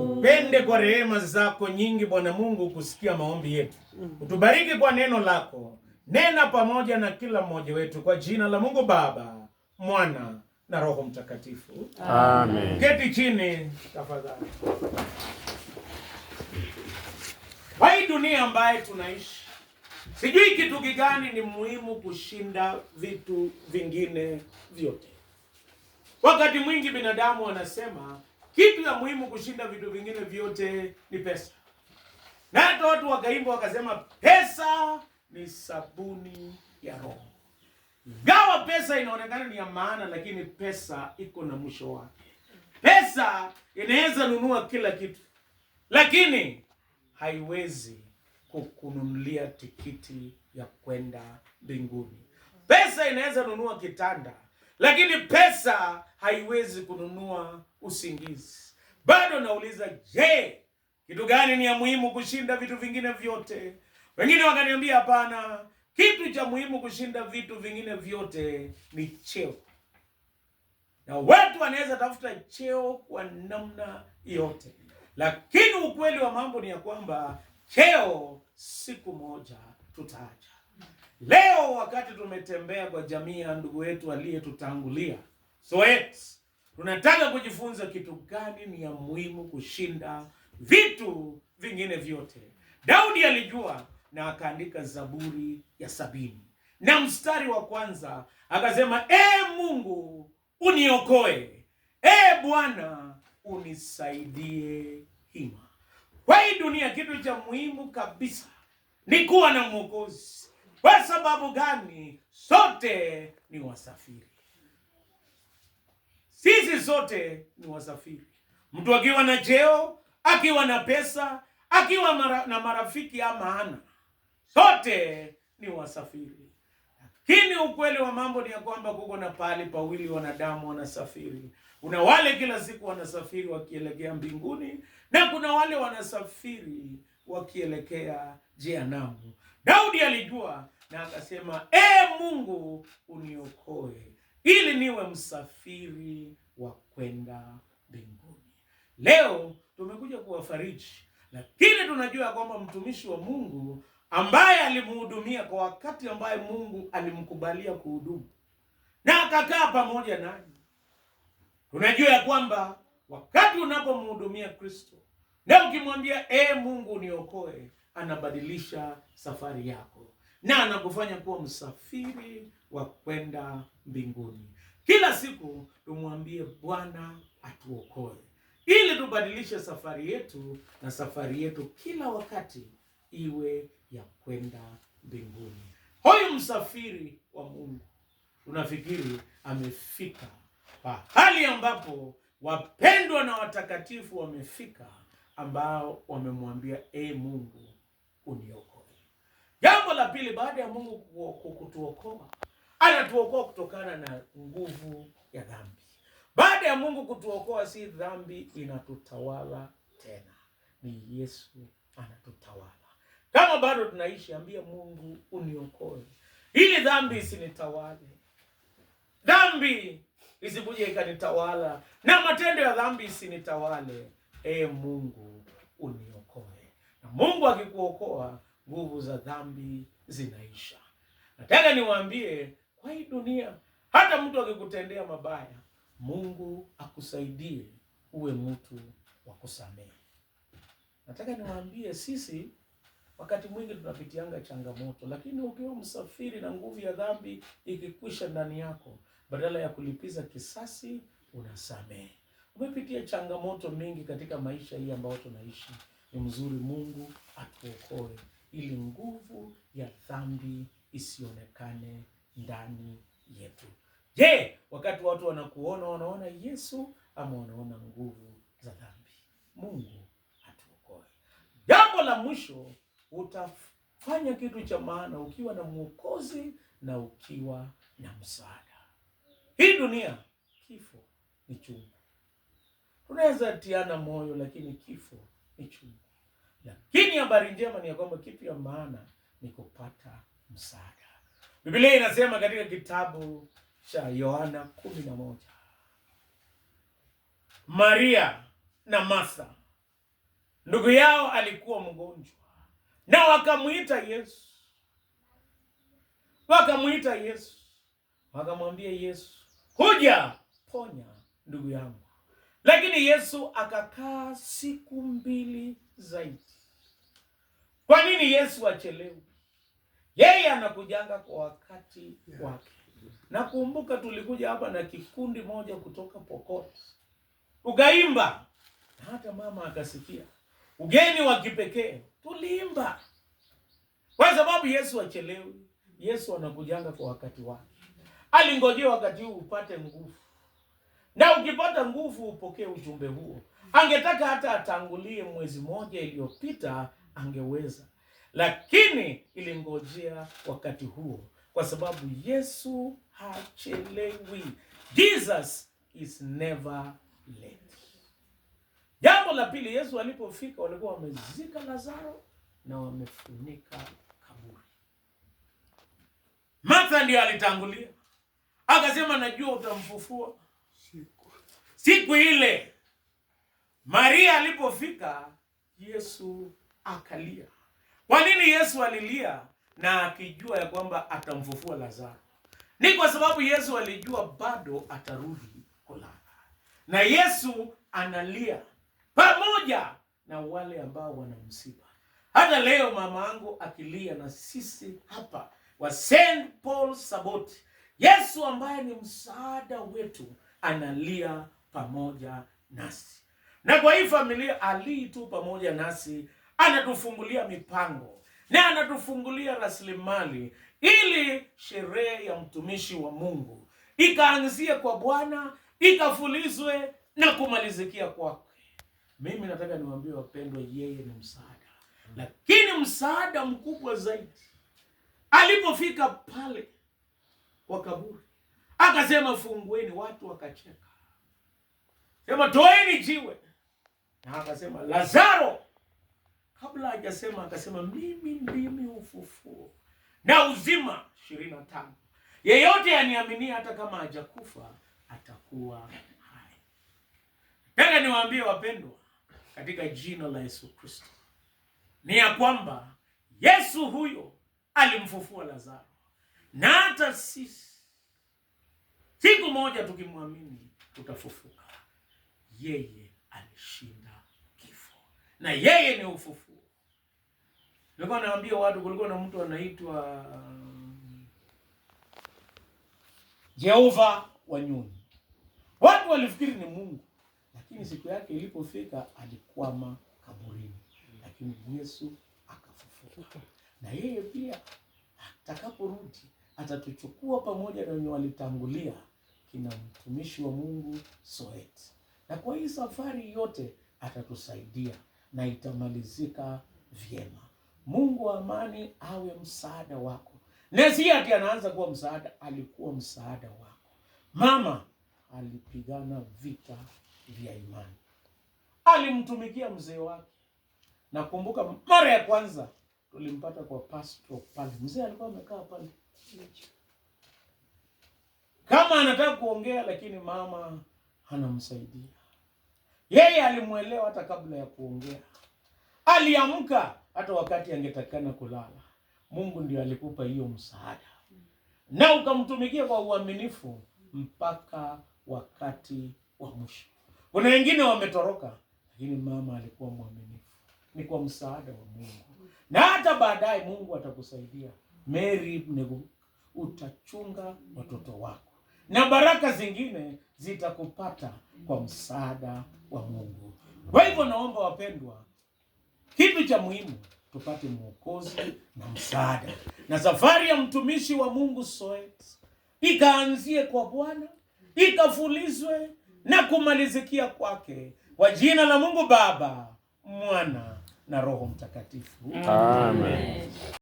Upende kwa rehema zako nyingi, Bwana Mungu, kusikia maombi yetu. Utubariki kwa neno lako, nena pamoja na kila mmoja wetu, kwa jina la Mungu Baba, Mwana na Roho Mtakatifu, amen. Keti chini tafadhali. Hai dunia ambaye tunaishi Sijui kitu kigani ni muhimu kushinda vitu vingine vyote. Wakati mwingi binadamu wanasema kitu ya muhimu kushinda vitu vingine vyote ni pesa, na hata watu wakaimba wakasema pesa ni sabuni ya roho. Gawa pesa inaonekana ni ya maana, lakini pesa iko na mwisho wake. Pesa inaweza nunua kila kitu, lakini haiwezi kukununulia tikiti ya kwenda mbinguni. Pesa inaweza nunua kitanda, lakini pesa haiwezi kununua usingizi. Bado nauliza, je, kitu gani ni ya muhimu kushinda vitu vingine vyote? Wengine wakaniambia hapana, kitu cha muhimu kushinda vitu vingine vyote ni cheo, na watu wanaweza tafuta cheo kwa namna yote, lakini ukweli wa mambo ni ya kwamba Cheo siku moja tutaja. Leo wakati tumetembea kwa jamii ya ndugu yetu aliyetutangulia et, tunataka kujifunza kitu gani ni ya muhimu kushinda vitu vingine vyote. Daudi alijua na akaandika Zaburi ya sabini na mstari wa kwanza akasema, e Mungu uniokoe, e Bwana unisaidie hima kwa hii dunia kitu cha muhimu kabisa ni kuwa na Mwokozi. Kwa sababu gani? Sote ni wasafiri, sisi sote ni wasafiri. Mtu akiwa na cheo, akiwa na pesa, akiwa mara, na marafiki ama hana, sote ni wasafiri. Lakini ukweli wa mambo ni ya kwamba kuko na pahali pawili wanadamu wanasafiri. Kuna wale kila siku wanasafiri wakielekea mbinguni na kuna wale wanasafiri wakielekea jehanamu. Daudi alijua na akasema, e Mungu uniokoe, ili niwe msafiri wa kwenda mbinguni. Leo tumekuja kuwafariji, lakini tunajua kwamba mtumishi wa Mungu ambaye alimhudumia kwa wakati ambaye Mungu alimkubalia kuhudumu na akakaa pamoja naye, tunajua ya kwamba Wakati unapomhudumia Kristo na ukimwambia e, Mungu niokoe, anabadilisha safari yako na anakufanya kuwa msafiri wa kwenda mbinguni. Kila siku tumwambie Bwana atuokoe, ili tubadilishe safari yetu, na safari yetu kila wakati iwe ya kwenda mbinguni. Huyu msafiri wa Mungu unafikiri amefika pahali ambapo wapendwa na watakatifu wamefika, ambao wamemwambia e, Mungu uniokoe. Jambo la pili, baada ya Mungu kutuokoa, anatuokoa kutokana na nguvu ya dhambi. Baada ya Mungu kutuokoa, si dhambi inatutawala tena, ni Yesu anatutawala. Kama bado tunaishi, ambia Mungu uniokoe, ili dhambi isinitawale. Dhambi isikuja ikanitawala na matendo ya dhambi isinitawale. e Mungu uniokoe. Na Mungu akikuokoa nguvu za dhambi zinaisha. Nataka niwaambie kwa hii dunia, hata mtu akikutendea mabaya, Mungu akusaidie uwe mtu wa kusamehe. Nataka niwaambie sisi wakati mwingi tunapitianga changamoto, lakini ukiwa msafiri na nguvu ya dhambi ikikwisha ndani yako, badala ya kulipiza kisasi unasamehe. Umepitia changamoto mingi katika maisha hii ambayo tunaishi. Ni mzuri Mungu atuokoe ili nguvu ya dhambi isionekane ndani yetu. Je, wakati watu wanakuona wanaona Yesu ama wanaona nguvu za dhambi? Mungu atuokoe. Jambo la mwisho, utafanya kitu cha maana ukiwa na Mwokozi na ukiwa na msaada. Hii dunia, kifo ni chungu. Tunaweza tiana moyo, lakini kifo ni chungu. Lakini habari njema ni ya kwamba kitu ya maana ni kupata msaada. Biblia inasema katika kitabu cha Yohana kumi na moja Maria na Martha ndugu yao alikuwa mgonjwa, na wakamwita Yesu, wakamwita Yesu, wakamwambia Yesu, huja ponya ndugu yangu. Lakini Yesu akakaa siku mbili zaidi. Kwa nini Yesu achelewe? Yeye anakujanga kwa wakati wake. Nakumbuka tulikuja hapa na kikundi moja kutoka Pokot, ukaimba na hata mama akasikia, ugeni wa kipekee tuliimba, kwa sababu Yesu achelewi. Yesu anakujanga kwa wakati wake alingojea wakati huu upate nguvu, na ukipata nguvu upokee ujumbe huo. Angetaka hata atangulie mwezi mmoja iliyopita, angeweza, lakini ilingojea wakati huo, kwa sababu Yesu hachelewi. Jesus is never late. Jambo la pili, Yesu alipofika walikuwa wamezika Lazaro na wamefunika kaburi. Martha ndiye alitangulia Akasema najua utamfufua siku, ile. Maria alipofika Yesu akalia. Kwa nini Yesu alilia na akijua ya kwamba atamfufua Lazaro? Ni kwa sababu Yesu alijua bado atarudi kulala, na Yesu analia pamoja na wale ambao wanamsiba. Hata leo mama angu akilia na sisi hapa wa St Paul Saboti Yesu ambaye ni msaada wetu analia pamoja nasi, na kwa hii familia alii tu pamoja nasi, anatufungulia mipango na anatufungulia rasilimali, ili sherehe ya mtumishi wa Mungu ikaanzie kwa Bwana ikafulizwe na kumalizikia kwake. Mimi nataka niwaambie wapendwa, yeye ni msaada, lakini msaada mkubwa zaidi alipofika pale wa kaburi. Akasema fungueni, watu wakacheka. Sema toeni jiwe, na akasema Lazaro, kabla hajasema akasema mimi ndimi ufufuo na uzima. ishirini na tano yeyote aniaminie hata kama hajakufa atakuwa hai. Nataka niwaambie wapendwa, katika jina la Yesu Kristo, ni ya kwamba Yesu huyo alimfufua Lazaro na hata sisi siku moja tukimwamini tutafufuka. Yeye alishinda kifo na yeye ni ufufuo. Nilikuwa naambia watu, kulikuwa na mtu anaitwa um, Jehova Wanyuni, watu walifikiri ni Mungu, lakini siku yake ilipofika alikwama kaburini, lakini Yesu akafufuka na yeye pia atakaporudi atatuchukua pamoja na wenye walitangulia kina mtumishi wa Mungu Soet, na kwa hii safari yote atatusaidia na itamalizika vyema. Mungu wa amani awe msaada wako. Nezia ati anaanza kuwa msaada, alikuwa msaada wako. Mama alipigana vita vya imani, alimtumikia mzee wake. Nakumbuka mara ya kwanza tulimpata kwa pastro pale, mzee alikuwa amekaa pale kama anataka kuongea, lakini mama anamsaidia yeye. Alimwelewa hata kabla ya kuongea, aliamka hata wakati angetakana kulala. Mungu ndio alikupa hiyo msaada na ukamtumikia kwa uaminifu mpaka wakati wa mwisho. Kuna wengine wametoroka, lakini mama alikuwa mwaminifu, ni kwa msaada wa Mungu na hata baadaye Mungu atakusaidia. Mary Mnegu, utachunga watoto wako na baraka zingine zitakupata kwa msaada wa Mungu. Kwa hivyo, naomba wapendwa, kitu cha muhimu tupate mwokozi na msaada, na safari ya mtumishi wa Mungu Soet ikaanzie kwa Bwana ikafulizwe na kumalizikia kwake, kwa jina la Mungu Baba, Mwana na Roho Mtakatifu. Amen. Amen.